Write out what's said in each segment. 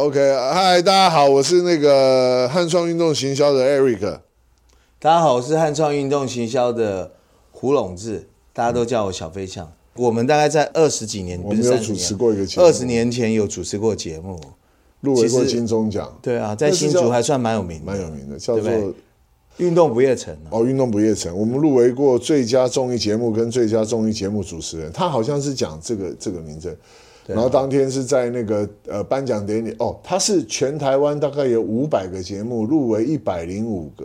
OK，嗨，大家好，我是那個漢創運動行銷的 Eric。大家好，我是漢創運動行銷的胡隆志，大家都叫我小飛象。我們大概在二十幾年，我有主持過一個節目。二十年前有主持過節目，入圍過金鐘獎。其實對啊，在新竹還算蠻有名的，蠻有名的，叫做《運動不夜城》。哦，《運動不夜城》，我們入圍過最佳綜藝節目跟最佳綜藝節目主持人。他好像是講這個這個名字。然後當天是在那個呃頒獎典禮哦，他是全台灣大概有五百個節目入圍一百零五個，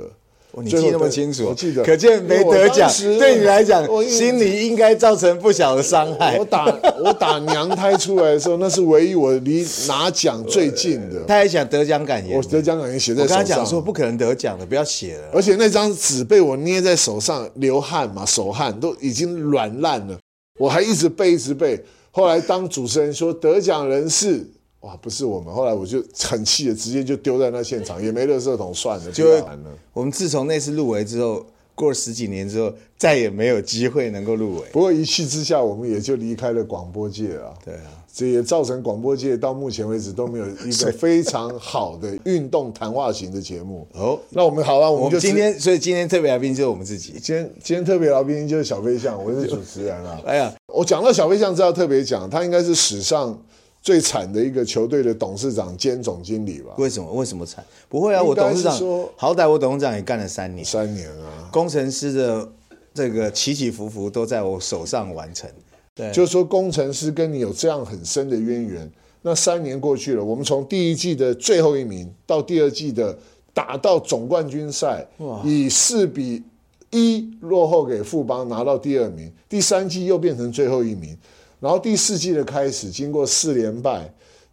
哦，你記得那麼清楚？我記得，可見沒得獎。對你來講，心裡應該造成不小的傷害。我打我打娘胎出來的時候， 那是唯一我離拿獎最近的。他還想得獎感言，我得獎感言寫在手上，我剛剛講說不可能得獎的，不要寫了。而且那張紙被我捏在手上，流汗嘛，手汗都已經軟爛了，我還一直背一直背。 後來當主持人說得獎人是，哇，不是我們。後來我就很氣的，直接就丟在那現場，也沒垃圾桶，算了， 就完了。我們自從那次入圍之後。過了十幾年之後，再也沒有機會能夠入圍。不過一氣之下，我們也就離開了廣播界啊。對啊，這也造成廣播界到目前為止都沒有一個非常好的運動談話型的節目。 哦，那我們好了、啊，我們就我們今天所以今天特別來賓就是我們自己。今天今天特別來賓就是小飛象，我是 對主持人啊。哎呀，我講到小飛象，這要特別講，他應該是史上。最慘的一個球隊的董事長兼總經理吧？為什麼？為什麼慘？不會啊，我董事長說好歹我董事長也幹了三年，三年啊！工程師的這個起起伏伏都在我手上完成。對，就是說工程師跟你有這樣很深的淵源，嗯、那三年過去了，我們從第一季的最後一名到第二季的打到總冠軍賽，哇以四比一落後給富邦拿到第二名，第三季又變成最後一名。然後第四季的開始，經過四連敗，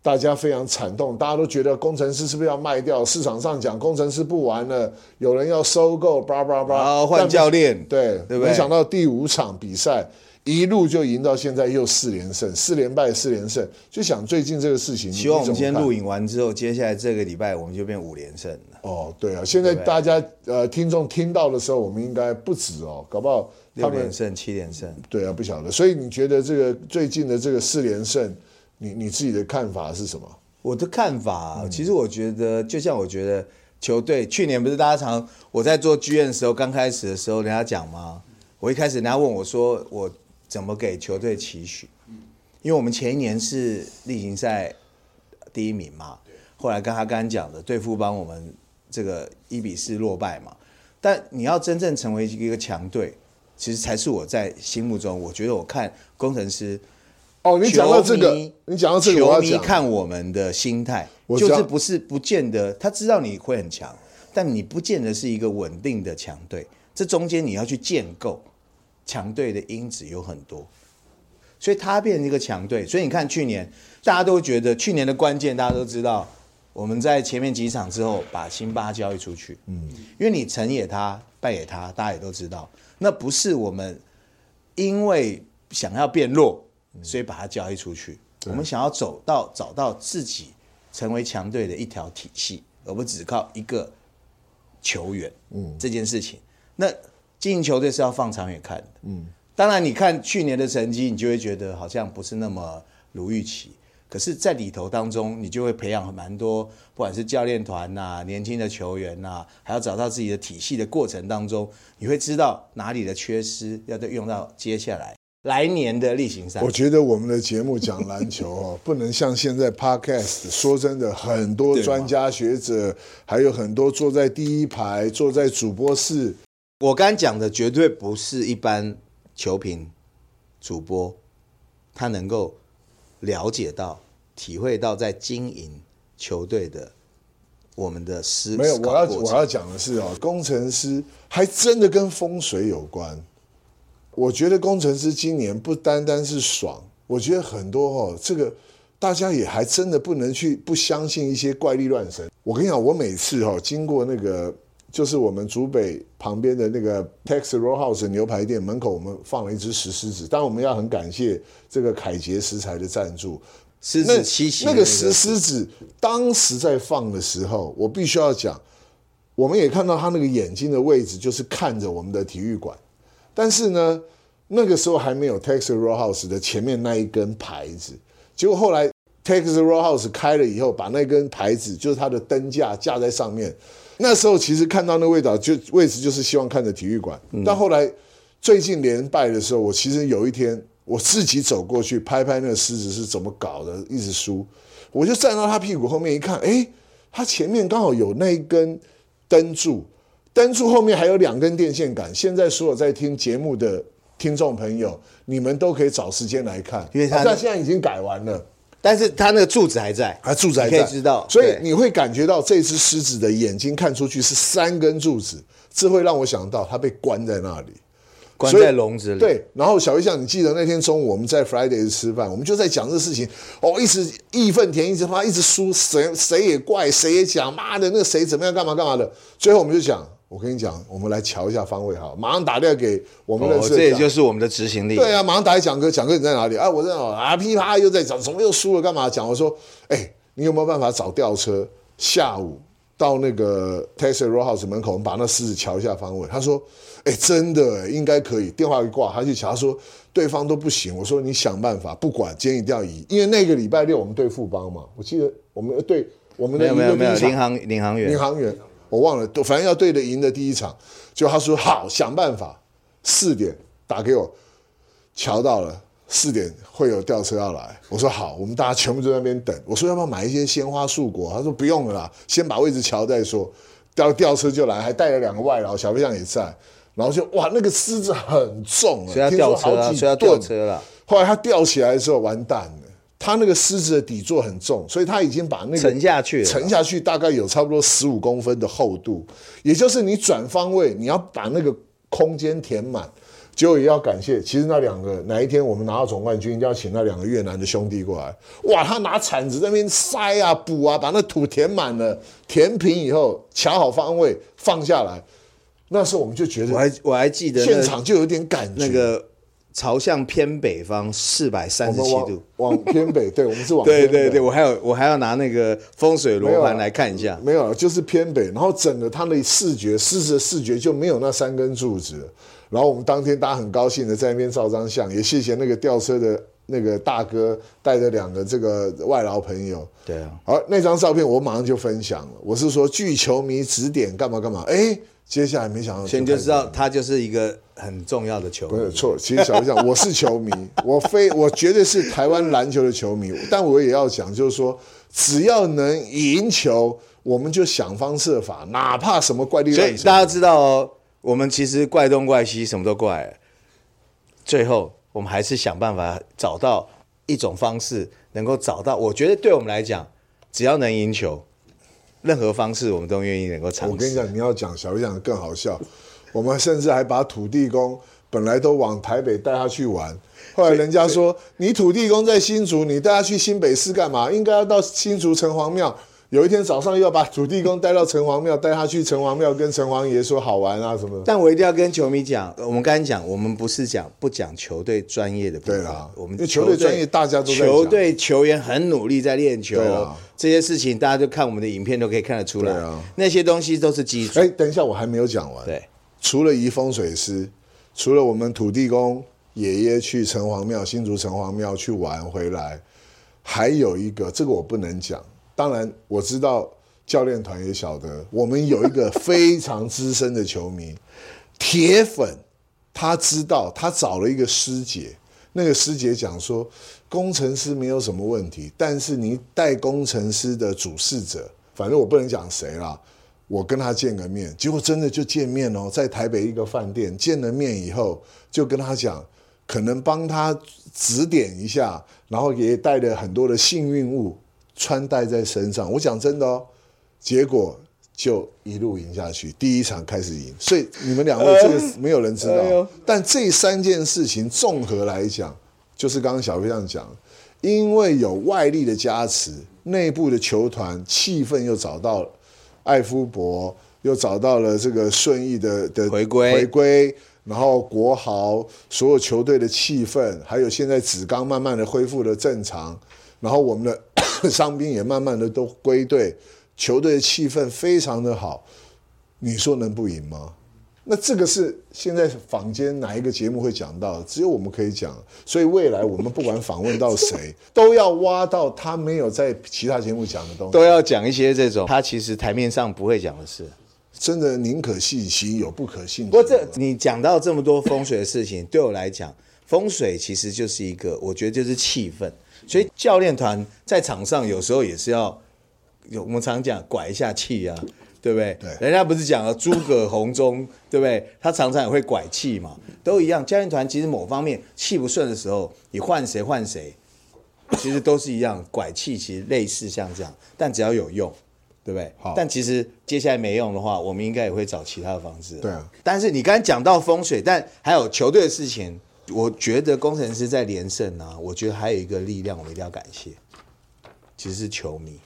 大家非常慘痛，大家都覺得工程師是不是要賣掉？市場上講工程師不玩了，有人要收購，巴巴叭叭，然後換教練，對，對？對對，沒想到第五場比賽。一路就贏到現在，又四連勝、四連敗、四連勝，就想最近這個事情。希望我們今天錄影完之後，接下來這個禮拜我們就變五連勝了。哦，對啊，現在大家吧呃，聽眾聽到的時候，我們應該不止哦，搞不好六連勝、七連勝。對啊，不曉得。嗯、所以你覺得這個最近的這個四連勝，你你自己的看法是什麼？我的看法、啊，嗯、其實我覺得，就像我覺得球隊去年不是大家常我在做劇院的時候，剛開始的時候人家講嗎？我一開始人家問我說我。怎麼給球隊期許？因為我們前一年是例行賽第一名嘛，對。後來跟他剛剛講的，對富邦我們這個一比四落敗嘛。但你要真正成為一個強隊，其實才是我在心目中，我覺得我看工程師。哦，你講到這個，球迷，你講到這個我要講，球迷看我們的心態，我講，就是不是不見得他知道你會很強，但你不見得是一個穩定的強隊。這中間你要去建構。強隊的因子有很多，所以他變成一個強隊。所以你看去年，大家都覺得去年的關鍵，大家都知道，我們在前面幾場之後把辛巴交易出去，嗯，因為你成也他，敗也他，大家也都知道，那不是我們因為想要變弱，所以把他交易出去。我們想要走到找到自己成為強隊的一條體系，而不只靠一個球員，嗯，這件事情，那。進球隊是要放長遠看的，嗯，當然你看去年的成績，你就會覺得好像不是那麼如預期。可是，在裡頭當中，你就會培養蠻多，不管是教練團啊，年輕的球員啊，還要找到自己的體系的過程當中，你會知道哪裡的缺失，要再用到接下來來年的例行賽。我覺得我們的節目講籃球哦， 不能像現在 Podcast 說真的，很多專家學者，還有很多坐在第一排、坐在主播室。 我剛才講的絕對不是一般球評主播，他能夠了解到、體會到在經營球隊的我們的思考過程。沒有，我要我要講的是哦，工程師還真的跟風水有關。我覺得工程師今年不單單是爽，我覺得很多哈、哦，這個大家也還真的不能去不相信一些怪力亂神。我跟你講，我每次哈、哦、經過那個。就是我們竹北旁邊的那個 Texas Roadhouse 牛排店門口，我們放了一隻石獅子。當然我們要很感謝這個凱潔石材的贊助那獅七那。那那個石獅子當時在放的時候，我必須要講，我們也看到他那個眼睛的位置就是看着我們的體育館。但是呢，那個時候還沒有 Texas Roadhouse 的前面那一根牌子。結果後來 Texas Roadhouse 開了以後，把那根牌子就是它的燈架架架在上面。那時候其實看到那位置，就位置就是希望看着體育館。嗯、但後來最近連敗的時候，我其實有一天我自己走過去拍拍那個獅子是怎麼搞的，一直輸，我就站到他屁股後面一看，哎，他前面剛好有那一根燈柱，燈柱後面還有兩根電線杆。現在所有在聽節目的聽眾朋友，你們都可以找時間來看，因為他、啊、現在已經改完了。但是他那個柱子還在啊，柱子還在，可以知道。所以你會感覺到這隻獅子的眼睛看出去是三根柱子，這對會讓我想到它被關在那裡，關在籠子裡。對，然後小魚醬，你記得那天中午我們在 Fridays 吃飯，我們就在講這個事情，哦，一直義憤填膺，一直發，一直輸，誰誰也怪，誰也講，媽的，那個誰怎麼樣，幹嘛幹嘛的。最後我們就講。我跟你講，我們來瞧一下方位哈，馬上打電話給我們的。識、哦。這也就是我們的執行力。對啊，馬上打去講哥，講哥，你在哪裡啊？我在啊，噼啪又在找，怎麼又輸了？幹嘛講？我說，哎，你有沒有辦法找吊車？下午到那個 Tesla Roadhouse 門口，我們把那獅子瞧一下方位。他說，哎，真的應該可以。電話一掛，他去瞧，他說對方都不行。我說你想辦法，不管，今天一定要移，因為那個禮拜六我們對富邦嘛，我記得我們對我們的一個領航銀行員。我忘了，都反正要對着贏的第一場，就他說好想辦法，四點打給我，喬到了，四點會有吊車要來，我說好，我們大家全部在那邊等。我說要不要買一些鮮花、素果？他說不用了啦，先把位置喬再說。吊吊車就來，還帶了兩個外勞，然後小飛象也在。然後就哇，那個獅子很重，需要吊車，需要吊車了。車了後來他吊起來的時候，完蛋了。他那個獅子的底座很重，所以他已經把那個沉下去了，沉下去大概有差不多十五公分的厚度，也就是你轉方位，你要把那個空間填滿。結果也要感謝，其實那兩個哪一天我們拿到總冠軍，就要請那兩個越南的兄弟過來。哇，他拿鏟子在那邊塞啊補啊，把那土填滿了，填平以後，卡好方位放下來。那時候我們就覺得，我還我還記得、那個、現場就有點感覺。那個朝向偏北方四百三十七度。往，往偏北， 對，我們是往偏北。對對對，我還有，我還要拿那個風水羅盤來看一下。沒有啊，沒有啊，就是偏北。然後整個它的視覺，視覺視覺就沒有那三根柱子。然後我們當天大家很高興的在那邊照張相，也謝謝那個吊車的那個大哥帶着兩個這個外勞朋友。對啊。好，那張照片我馬上就分享了。我是說，巨球迷指點幹嘛幹嘛？欸接下來沒想到，先就知道他就是一個很重要的球迷。沒有錯，其實小一講，我是球迷， 我非，我絕對是台灣籃球的球迷。但我也要講，就是說，只要能贏球，我們就想方設法，哪怕什麼怪力亂神。所以大家知道哦，我們其實怪東怪西，什麼都怪。最後，我們還是想辦法找到一種方式，能夠找到。我覺得對我們來講，只要能贏球。任何方式我們都願意能夠嘗試。我跟你講，你要講小講的更好笑。 我們甚至還把土地公本來都往台北帶他去玩，後來人家說，你土地公在新竹，你帶他去新北市幹嘛？應該要到新竹城隍廟。有一天早上又要把土地公帶到城隍廟，帶他去城隍廟跟城隍爺說好玩啊什麼的，但我一定要跟球迷講，我們剛才講，我們不是講不講球隊專業的。對啊，我們球隊專業，大家都在講，球隊球員很努力在練球，對啊、這些事情大家就看我們的影片都可以看得出來。對啊，那些東西都是基礎。哎、啊，等一下，我還沒有講完。對，除了移風水師，除了我們土地公爺爺去城隍廟新竹城隍廟去玩回來，還有一個，這個我不能講。當然，我知道教練團也曉得，我們有一個非常資深的球迷 鐵粉，他知道他找了一個師姐，那個師姐講說工程師沒有什麼問題，但是你帶工程師的主事者，反正我不能講誰啦。我跟他見個面，結果真的就見面哦，在台北一個飯店見了面以後，就跟他講可能幫他指點一下，然後也帶了很多的幸運物。穿戴在身上，我講真的哦，結果就一路贏下去，第一場開始贏，所以你們兩位這個沒有人知道，嗯哎、但這三件事情綜合來講，就是剛剛小飛這樣講，因為有外力的加持，內部的球團氣氛又找到了，艾夫博又找到了這個順義的的回歸回歸，然後國豪所有球隊的氣氛，還有現在紫剛慢慢的恢復了正常，然後我們的。傷兵也慢慢的都歸隊，球隊的氣氛非常的好，你說能不贏嗎？那這個是現在坊間哪一個節目會講到的？只有我們可以講，所以未來我們不管訪問到誰， 都要挖到他沒有在其他節目講的東西，都要講一些這種他其實台面上不會講的事。真的寧可信其有，不可信。不過這你講到這麼多風水的事情， 對我來講。風水其實就是一個，我覺得就是氣氛，所以教練團在場上有時候也是要有，我們常講拐一下氣啊，對不對？對。人家不是講了諸葛紅中，對不對？他常常也會拐氣嘛，都一樣。教練團其實某方面氣不順的時候，你換誰換誰，其實都是一樣。拐氣其實類似像這樣，但只要有用，對不對？好。但其實接下來沒用的話，我們應該也會找其他的方式。對啊。但是你剛才講到風水，但還有球隊的事情。我覺得工程師在連勝啊，我覺得還有一個力量，我們一定要感謝，其實是球迷。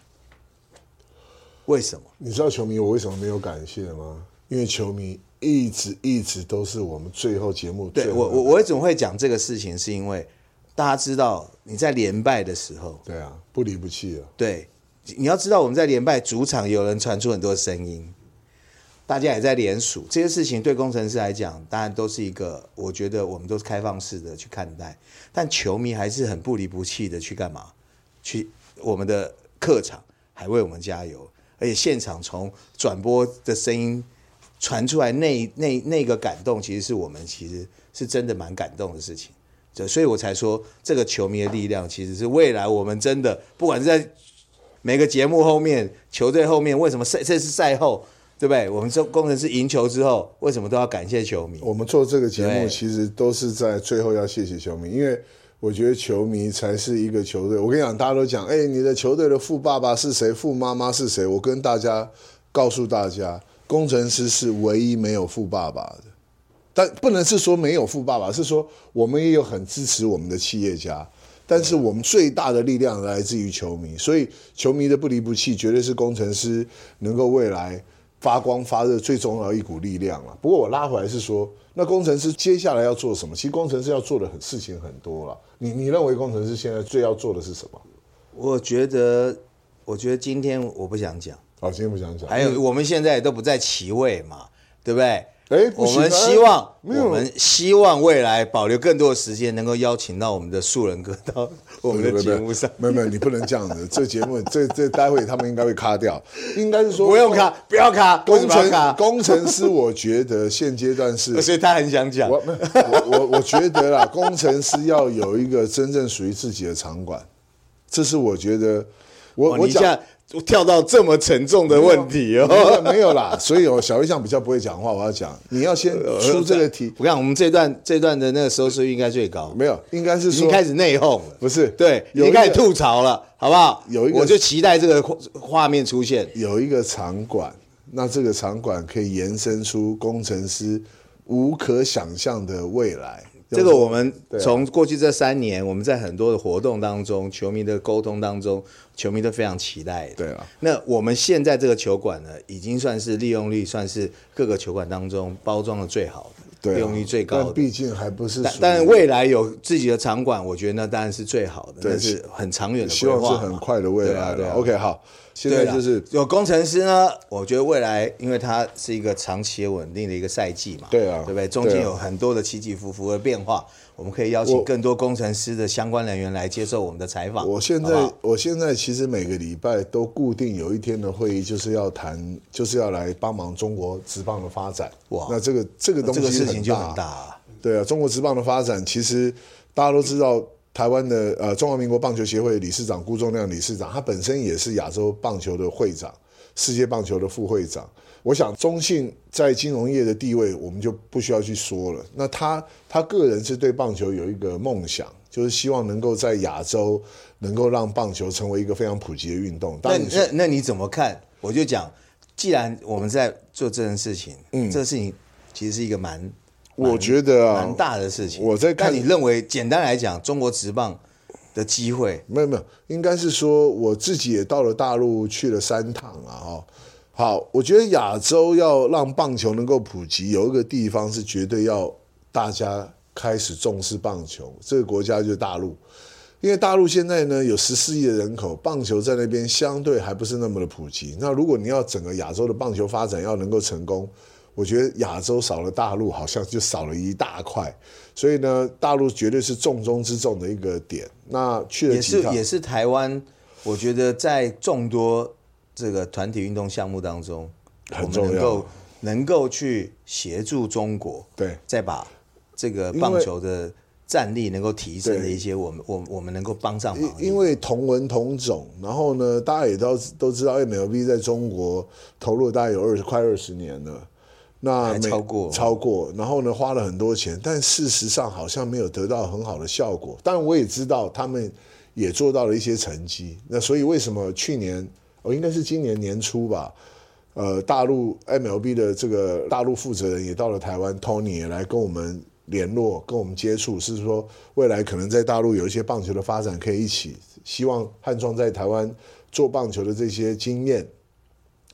為什麼？你知道球迷我為什麼沒有感謝嗎？因為球迷一直一直都是我們最後節目。對我我我為什麼會講這個事情？是因為大家知道你在連敗的時候，對啊，不離不棄啊。對，你要知道我們在連敗主場，有人傳出很多聲音。大家也在聯署這些事情，對工程師來講，當然都是一個，我覺得我們都是開放式的去看待。但球迷還是很不離不棄的去幹嘛？去我們的客場還為我們加油，而且現場從轉播的聲音傳出來，那那那個感動，其實是我們其實是真的蠻感動的事情。所以，所以我才說，這個球迷的力量其實是未來我們真的不管是在每個節目後面、球隊後面，為什麼賽這是賽後。對不對？我們做工程師贏球之後，為什麼都要感謝球迷？我們做這個節目，對其實都是在最後要謝謝球迷，因為我覺得球迷才是一個球隊。我跟你講，大家都講，哎、欸，你的球隊的富爸爸是誰？富媽媽是誰？我跟大家告訴大家，工程師是唯一沒有富爸爸的。但不能是說沒有富爸爸，是說我們也有很支持我們的企業家。但是我們最大的力量來自於球迷，所以球迷的不離不棄，絕對是工程師能夠未來。發光發熱最重要一股力量，啊、不過我拉回來是說，那工程師接下來要做什麼？其實工程師要做的事情很多了，啊。你你認為工程師現在最要做的是什麼？我覺得，我覺得今天我不想講。哦，今天不想講。還有，我們現在都不在其位嘛，對不對？哎，啊、我們希望，有我們希望未來保留更多的時間，能夠邀請到我們的素人哥到我們的節目上。沒有，沒有，你不能這樣子。 這節目，這這，待會他們應該會卡掉。應該是說，不用卡，工不要卡。工程不用卡。工程師，我覺得現階段是， 所以他很想講。我我我，我覺得啦， 工程師要有一個真正屬於自己的場館，這是我覺得。我我一下我跳到這麼沉重的問題哦，沒有，沒，有沒有啦， 所以我小微象比較不會講話。我要講，你要先出這個題。我看我們這段這段的那個收視率應該最高，沒有，應該是說你已經開始內訌了，不是？對，有已經開始吐槽了，好不好？有一個，我就期待這個畫面出現。有一個場館，那這個場館可以延伸出工程師無可想象的未來。這個我們從過去這三年，啊、我們在很多的活動當中，球迷的溝通當中。球迷都非常期待。對啊，那我們現在這個球館呢，已經算是利用率，算是各個球館當中包裝的最好的，對啊，利用率最高的。畢竟還不是但。但未來有自己的場館，我覺得那當然是最好的，那對是很長遠的規劃。希望是很快的未來的對、啊。對、啊，OK，好。現在就是有工程師呢，我覺得未來，因為它是一個長期穩定的一個賽季嘛，對啊，對不對？中間有很多的起起伏伏的變化，啊、我們可以邀請更多工程師的相關人員來接受我們的採訪。我現在，好好我現在其實每個禮拜都固定有一天的會議，就是要談，就是要來幫忙中國職棒的發展。哇，那這個這個東西這個事情就很大，啊，對啊，中國職棒的發展其實大家都知道。嗯台灣的呃中華民國棒球協會理事長辜仲諒理事長，他本身也是亞洲棒球的會長、世界棒球的副會長。我想，中信在金融業的地位，我們就不需要去說了。那他他個人是對棒球有一個夢想，就是希望能夠在亞洲能夠讓棒球成為一個非常普及的運動。但那那，那你怎麼看？我就講，既然我們在做這件事情，嗯，這個事情其實是一個蠻。我覺得啊蠻大的事情，我在看，但你認為簡單來講，中國職棒的機會沒有沒有，應該是說，我自己也到了大陸去了三趟了啊，哈。好，我覺得亞洲要讓棒球能夠普及，有一個地方是絕對要大家開始重視棒球，這個國家就是大陸，因為大陸現在呢有十四億的人口，棒球在那邊相對還不是那麼的普及。那如果你要整個亞洲的棒球發展要能夠成功。我覺得亞洲少了大陸，好像就少了一大塊。所以呢，大陸絕對是重中之重的一個點。那去了也是也是台灣，我覺得在眾多這個團體運動項目當中，很重要，我們能夠，能夠去協助中國，對，再把這個棒球的戰力能夠提升的一些，我們我對我們能夠幫上忙。因為同文同種，然後呢，大家也都都知道 MLB 在中國投入大概有二十，快二十年了。那超過，每超，過超過，然後呢，花了很多錢，但事實上好像沒有得到很好的效果。但我也知道他們也做到了一些成績。那所以為什麼去年，哦，應該是今年年初吧，呃，大陸 MLB 的這個大陸負責人也到了台灣，Tony 也來跟我們聯絡，跟我們接觸，是，是說未來可能在大陸有一些棒球的發展可以一起，希望漢莊在台灣做棒球的這些經驗。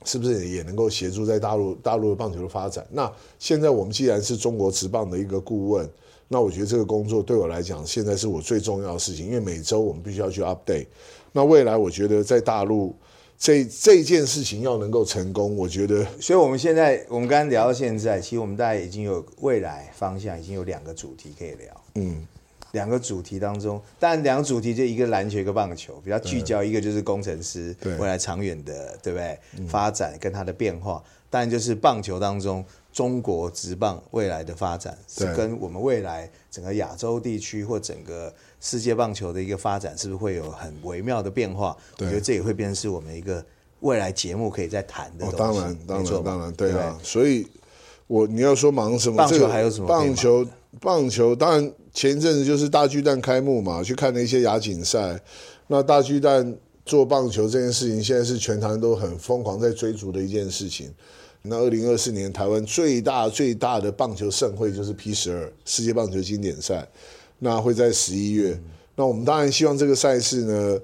是不是也能夠協助在大陸，大陸的棒球的發展？那現在我們既然是中國職棒的一個顧問，那我覺得這個工作對我來講，現在是我最重要的事情，因為每周我們必須要去 update。那未來我覺得在大陸這這一件事情要能夠成功，我覺得，所以我們現在我們剛剛聊到現在，其實我們大概已經有未來方向，已經有兩個主題可以聊，嗯。兩個主題當中，但兩個主題就一個籃球，一個棒球，比較聚焦。一個就是工程師未來長遠的，對不對？嗯、發展跟它的變化。但就是棒球當中，中國職棒未來的發展，是跟我們未來整個亞洲地區或整個世界棒球的一個發展，是不是會有很微妙的變化？對我覺得這也會變成是我們一個未來節目可以再談的東西、哦。當然，當然，沒錯，當然，對啊。對吧所以，我你要說忙什麼？棒球還有什麼？棒球。棒球當然前一陣子就是大巨蛋開幕嘛，去看了一些亞錦賽。那大巨蛋做棒球這件事情，現在是全台灣都很瘋狂在追逐的一件事情。那二零二四年台灣最大最大的棒球盛會就是 P 十二世界棒球經典賽，那會在十一月。嗯、那我們當然希望這個賽事呢，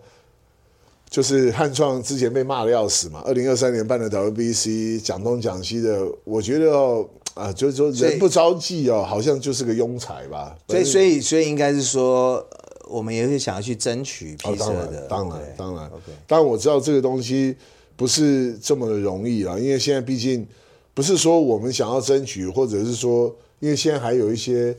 就是漢創之前被罵的要死嘛，二零二三年辦的 WBC 講東講西的，我覺得、哦。啊，就是說人不着急哦，以好像就是個庸才吧。所以，是所以，所以應該是說，我們也是想要去爭取披薩的。當然，當然，當然。當然我知道這個東西不是這麼的容易啊，因為現在畢竟不是說我們想要爭取，或者是說，因為現在還有一些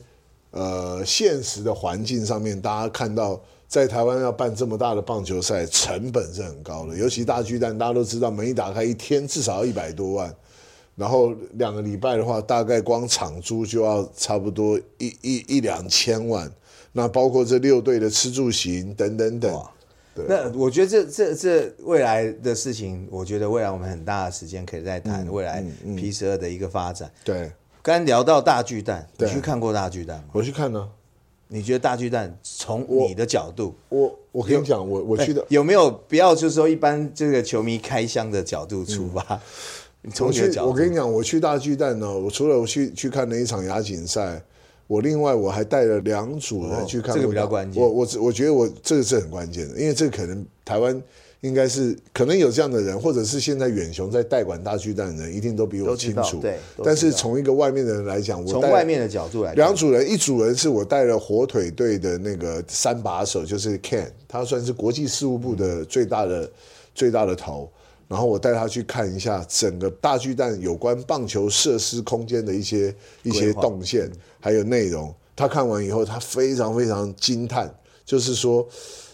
呃現實的環境上面，大家看到在台灣要辦這麼大的棒球賽，成本是很高的，尤其大巨蛋，大家都知道，門一打開一天至少要一百多萬。然後兩個禮拜的話，大概光場租就要差不多一一一兩千萬，那包括這六隊的吃住行等等等。哇對，那我覺得這這這未來的事情，我覺得未來我們很大的時間可以再談未來 P 十二的一個發展。嗯嗯、對，剛,剛聊到大巨蛋，對你去看過大巨蛋嗎？我去看呢。你覺得大巨蛋從你的角度，我我,我跟你講，有我我去的、欸、有沒有不要就是說一般這個球迷開箱的角度出發？嗯你你我去，我跟你講，我去大巨蛋呢。我除了我去去看那一場亞錦賽，我另外我還帶了兩組人去看、哦。這個比較關鍵。我我我覺得我這個是很關鍵的，因為這個可能台灣應該是可能有這樣的人，或者是現在遠雄在代管大巨蛋的人，一定都比我清楚。對。但是從一個外面的人來講，我從外面的角度來講，兩組人，一組人是我帶了火腿隊的那個三把手，就是 Ken，他算是國際事務部的最大的、嗯、最大的頭。然後我帶他去看一下整個大巨蛋有關棒球設施空間的一些規劃、一些動線，還有內容。他看完以後，他非常非常驚嘆，就是說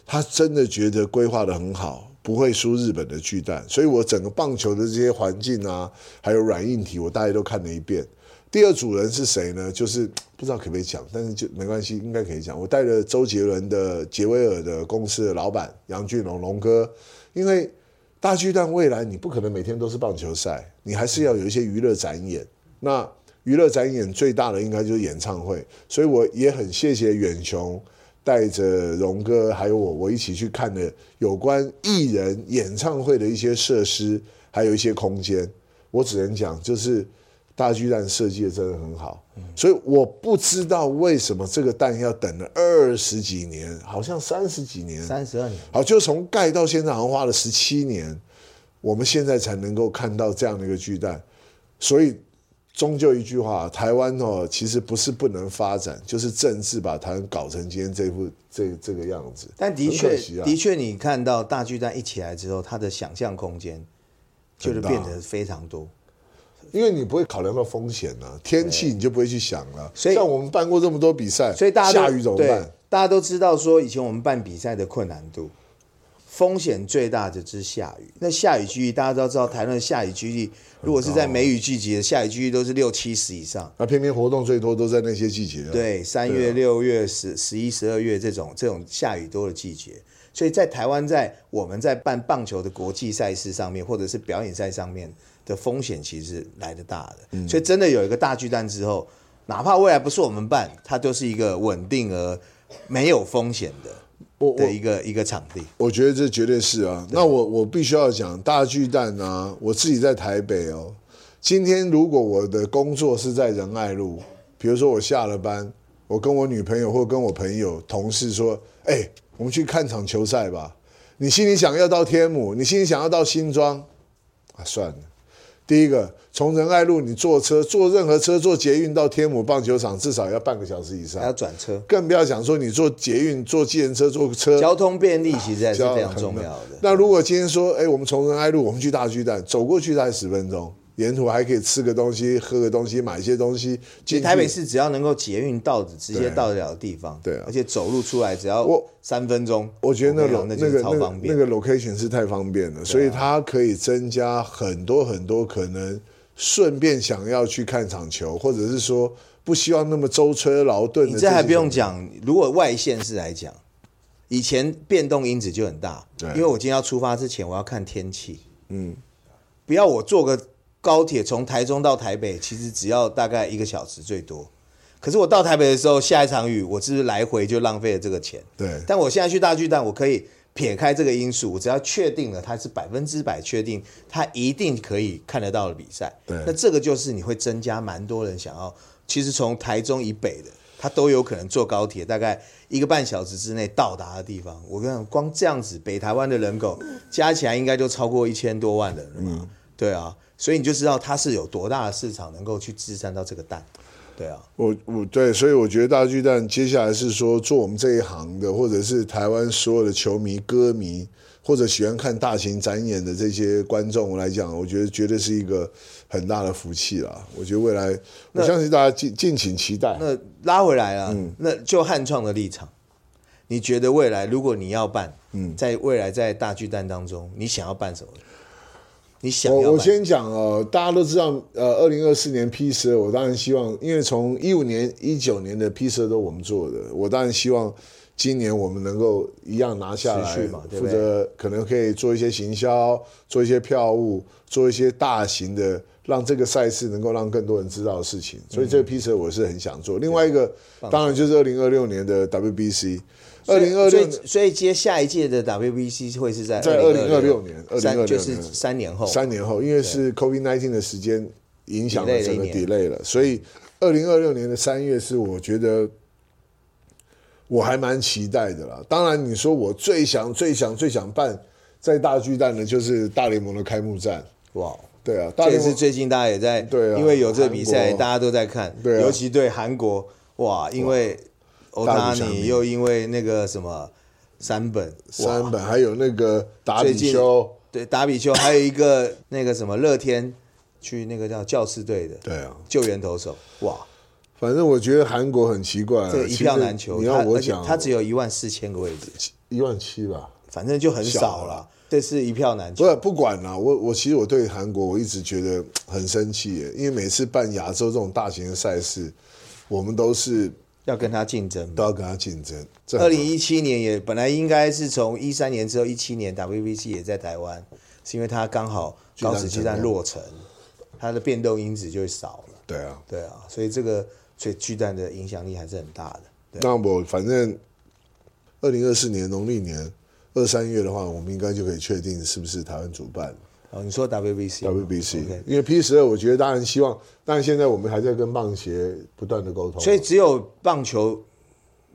他真的覺得規劃得很好，不會輸日本的巨蛋。所以我整個棒球的這些環境啊，還有軟硬體，我大概都看了一遍。第二組人是誰呢？就是不知道可不可以講，但是就沒關係，應該可以講。我帶了周杰倫的杰威爾的公司的老闆楊俊龍龍哥，因為。大巨蛋未來你不可能每天都是棒球賽，你還是要有一些娛樂展演。那娛樂展演最大的應該就是演唱會，所以我也很謝謝遠雄帶着榮哥還有我，我一起去看的有關藝人演唱會的一些設施，還有一些空間。我只能講就是。大巨蛋設計的真的很好，所以我不知道為什麼這個蛋要等了二十幾年，好像三十幾年，三十二年，好，就從蓋到現在好像花了十七年，我們現在才能夠看到這樣的一個巨蛋。所以，終究一句話，台灣哦、喔，其實不是不能發展，就是政治把台灣搞成今天這副這個、這個樣子。但的確，啊、的確，你看到大巨蛋一起來之後，它的想象空間就是變得非常多。因為你不會考量到風險啊，天氣你就不會去想了啊。所以像我們辦過這麼多比賽，所以大家都下雨怎麼辦？大家都知道說，以前我們辦比賽的困難度，風險最大的是下雨。那下雨幾率大家都知道，台灣的下雨幾率啊，如果是在梅雨季節的下雨幾率都是六七十以上。那偏偏活動最多都在那些季節啊，對，三月、啊、六月、十、十一、十二月這種這種下雨多的季節。所以在台灣，在我們在辦棒球的國際賽事上面，或者是表演賽上面。的風險其實來得大的，嗯、所以真的有一個大巨蛋之後，哪怕未來不是我們辦，它都是一個穩定而沒有風險的，我的一個我一個場地，我覺得這絕對是啊。對那我我必須要講大巨蛋啊，我自己在台北哦。今天如果我的工作是在仁愛路，比如說我下了班，我跟我女朋友或跟我朋友同事說，哎、欸，我們去看場球賽吧。你心裡想要到天母，你心裡想要到新莊，啊，算了。第一個，從仁愛路你坐車，坐任何車，坐捷運到天母棒球場，至少要半個小時以上，還要轉車，更不要想說你坐捷運、坐計程車、坐車。交通便利其實還是非常重要的、啊。那如果今天說，誒、欸，我們從仁愛路，我們去大巨蛋，走過去才十分鐘。沿途還可以吃個東西、喝個東西、買一些東西。其實台北市只要能夠捷運到的、直接到得了的地方，對，對啊、而且走路出來只要三分鐘。我覺得那那 OK, 那個那，超方便那個、那個那個、location 是太方便了，啊、所以它可以增加很多很多可能。順便想要去看場球，或者是說不希望那麼舟車勞頓。你這還不用講，如果外縣市來講，以前變動因子就很大。對，因為我今天要出發之前，我要看天氣。嗯，不要我做個。高鐵從台中到台北，其實只要大概一個小時最多。可是我到台北的時候下一場雨，我是不是來回就浪費了這個錢？對。但我現在去大巨蛋，我可以撇開這個因素，我只要確定了它是百分之百確定，它一定可以看得到的比賽。對。那這個就是你會增加蠻多人想要，其實從台中以北的，它都有可能坐高鐵，大概一個半小時之內到達的地方。我跟你講，光這樣子，北台灣的人口加起來應該就超過一千多萬人了嘛？對啊。所以你就知道它是有多大的市場能夠去支撐到這個蛋，對啊，我我對，所以我覺得大巨蛋接下來是說做我們這一行的，或者是台灣所有的球迷、歌迷，或者喜歡看大型展演的這些觀眾來講，我覺得絕對是一個很大的福氣了。我覺得未來那我相信大家敬敬請期待。那拉回來了、嗯、那就漢創的立場，你覺得未來如果你要辦，嗯、在未來在大巨蛋當中，你想要辦什麼？我我先講哦，大家都知道，呃，二零二四年 P 十，我當然希望，因為從一五年、一九年的 P 十都我們做的，我當然希望今年我們能夠一樣拿下來，負責可能可以做一些行銷，做一些票務，做一些大型的，讓這個賽事能夠讓更多人知道的事情，所以這個 P 十我是很想做。另外一個，當然就是二零二六年的 WBC。二零二六，所以接下一屆的 WBC 會是在 26, 在二零二六年，年三就是三年後，三年後，因為是 Covid nineteen 的時間影響了整個 delay 了，對所以二零二六年的三月是我覺得我還蠻期待的啦。當然，你說我最想、最想、最想辦在大巨蛋的，就是大聯盟的開幕戰，哇，對啊，大這也是最近大家也在對啊，因為有這個比賽，大家都在看，國尤其對韓國，哇，因為。歐達尼又因為那個什麼，三本三本，還有那個達比修，對達比修，還有一個那個什麼樂天，去那個叫教士隊的，對啊，救援投手，哇，反正我覺得韓國很奇怪，對，一票難求。你看我講，他只有一萬四千個位置，一萬七吧，反正就很少了。這是一票難求，不不管了。我我其實我對韓國我一直覺得很生氣耶，因為每次辦亞洲這種大型的賽事，我們都是。要跟他競爭，都要跟他競爭。二零一七年也本來應該是從一三年之後一七年 WBC 也在台灣，是因為它剛好高子巨蛋落成，它的變動因子就會少了。對啊，對啊，所以這個所以巨蛋的影響力還是很大的。那我反正二零二四年農曆年二三月的話，我們應該就可以確定是不是台灣主辦。哦，你說 WBC，WBC，因為 P 十二，我覺得當然希望，但是現在我們還在跟棒協不斷的溝通。所以只有棒球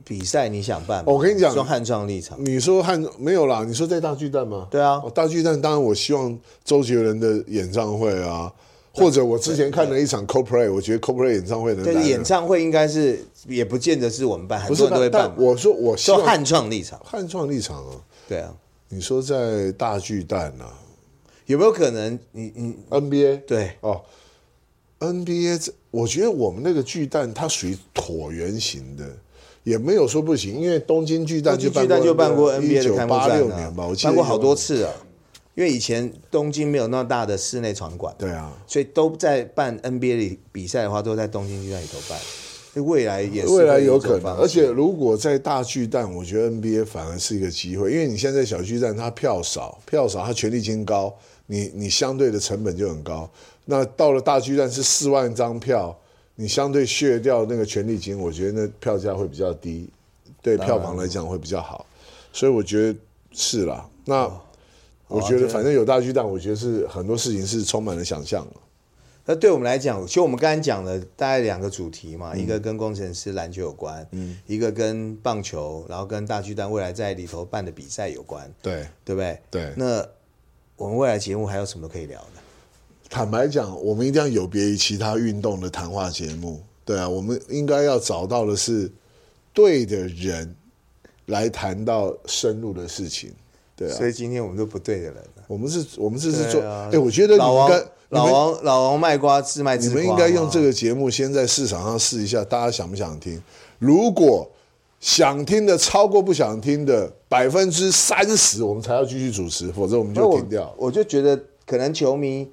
比賽你想辦嗎？我跟你講，說漢創立場。你說漢沒有啦？你說在大巨蛋嗎？對啊，大巨蛋當然我希望周杰倫的演唱會啊，或者我之前看了一場 Coldplay 我覺得 Coldplay 演唱會的。但演唱會應該是也不見得是我們辦，不是？很多人都會辦。我說我希望漢創立場，漢創立場。對啊，你說在大巨蛋啊。有沒有可能？你你 NBA 對哦、oh,，NBA 這我覺得我們那個巨蛋它屬於橢圓形的，也沒有說不行，因為東京巨蛋，巨蛋就辦過 NBA 的開幕戰，啊、86年吧？我記得辦過好多次啊，嗯，因為以前東京沒有那麼大的室內場館，對啊，所以都在辦 NBA 的比賽的話，都在東京巨蛋裡頭辦。未來也是未來有可能，而且如果在大巨蛋，我覺得 NBA 反而是一個機會，因為你現在小巨蛋它票少，票少它權利金高。你你相對的成本就很高，那到了大巨蛋是四萬張票，你相對削掉那個權利金，我覺得那票價會比較低，對票房來講會比較好，所以我覺得是啦，那我覺得反正有大巨蛋，我覺得是很多事情是充滿了想象。那對我們來講，其實我們剛才講了大概兩個主題嘛，一個跟工程師籃球有關，嗯，一個跟棒球，然後跟大巨蛋未來在裡頭辦的比賽有關，對，對不對？對，那。我們未來節目還有什麼可以聊的？坦白講，我們一定要有別於其他運動的談話節目，對啊，我們應該要找到的是對的人來談到深入的事情，對啊。所以今天我們都不對的人，我們是，我們這是做，哎、啊欸，我覺得你應該老，王們老王，老王賣瓜自賣自誇，你們應該用這個節目先在市場上試一下，啊、大家想不想聽？如果。想聽的超過不想聽的百分之三十，我們才要繼續主持，否則我們就停掉我。我就覺得，可能球迷，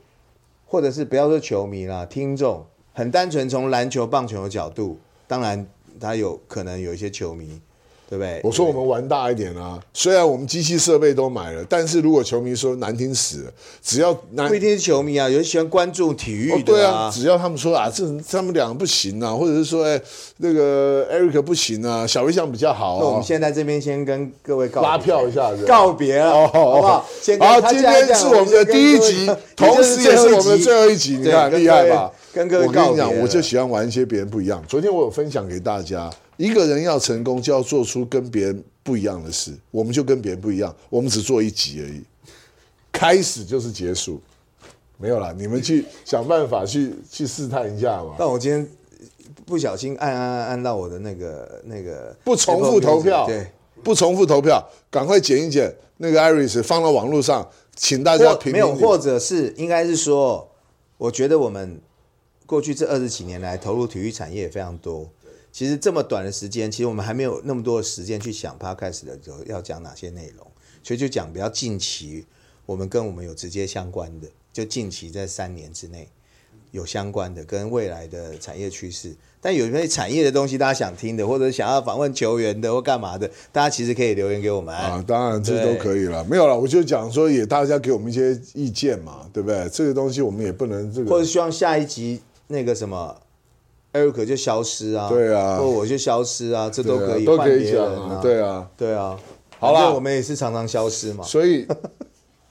或者是不要說球迷啦，聽眾很單純從籃球、棒球的角度，當然他有可能有一些球迷。對不對？我說我們玩大一點啊！雖然我們機器設備都買了，但是如果球迷說難聽死了，只要難聽的球迷啊，有喜歡關注體育的，對啊，只要他們說啊，這他們倆不行啊，或者是說，哎，那個 Eric 不行啊，小微笑比較好。那我們現在這邊先跟各位告，拉票一下子，告別啊，好不好？先啊，今天是我們的第一集，同時也是我們的最後一集，你看厲害吧？跟各位告別。我跟你講，我就喜歡玩一些別人不一樣。昨天我有分享給大家。一個人要成功，就要做出跟別人不一樣的事。我們就跟別人不一樣，我們只做一集而已。開始就是結束，沒有了。你們去想辦法去去試探一下嘛。但我今天不小心按按按按到我的那個那個不重複投票，對，不重複投票，趕快剪一剪那個 Iris 放到網絡上，請大家評論。沒有，或者是應該是說，我覺得我們過去這二十幾年來投入體育產業也非常多。其實這麼短的時間，其實我們還沒有那麼多的時間去想他開始的時候要講哪些內容，所以就講比較近期，我們跟我們有直接相關的，就近期在三年之內有相關的，跟未來的產業趨勢。但有一些產業的東西，大家想聽的，或者想要訪問球員的，或幹嘛的，大家其實可以留言給我們。啊，當然對這都可以了，沒有了，我就講說也大家給我們一些意見嘛，對不對？這個東西我們也不能這個。或者希望下一集那個什麼。艾瑞克就消失啊，對啊，我就消失啊，這都可以、啊啊，都可以講啊，對啊，對啊，好啦，我們也是常常消失嘛，所以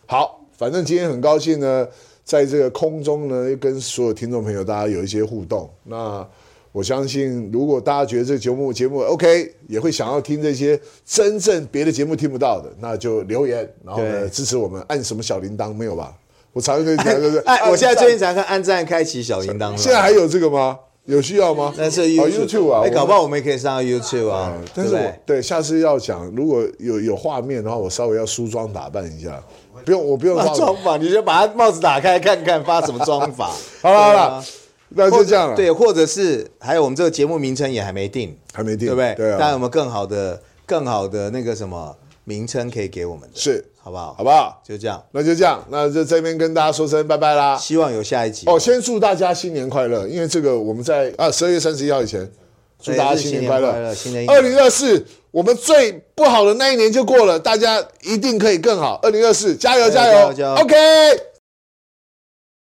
好，反正今天很高興呢，在這個空中呢，又跟所有聽眾朋友大家有一些互動。那我相信，如果大家覺得這個節目節目 OK，也會想要聽這些真正別的節目聽不到的，那就留言，然後呢對支持我們按什麼小鈴鐺沒有吧？我常在常講，哎，啊、我現在最近常看按讚開啟小鈴鐺，現在還有這個嗎？有需要嗎？那是 YouTube 啊！哎，搞不好我們也可以上 YouTube 啊。但是我，對，下次要講，如果有有畫面的話，我稍微要梳妝打扮一下。不用，我不用打扮。妝法，你就把它帽子打開看看，發什麼妝法？好了好了，那就這樣了。對，或者是還有我們這個節目名稱也還沒定，還沒定，對不對？對啊。大家有沒有更好的、更好的那個什麼名稱可以給我們？是。好不好？好不好？就這樣，那就這樣，那就這邊跟大家說聲拜拜啦。希望有下一集哦，哦。先祝大家新年快樂，因為這個我們在啊十二月三十一號以前，對祝大家新年快樂，新年快樂，年。二零二四，我們最不好的那一年就過了，大家一定可以更好。二零二四，加油對加油，加油！OK。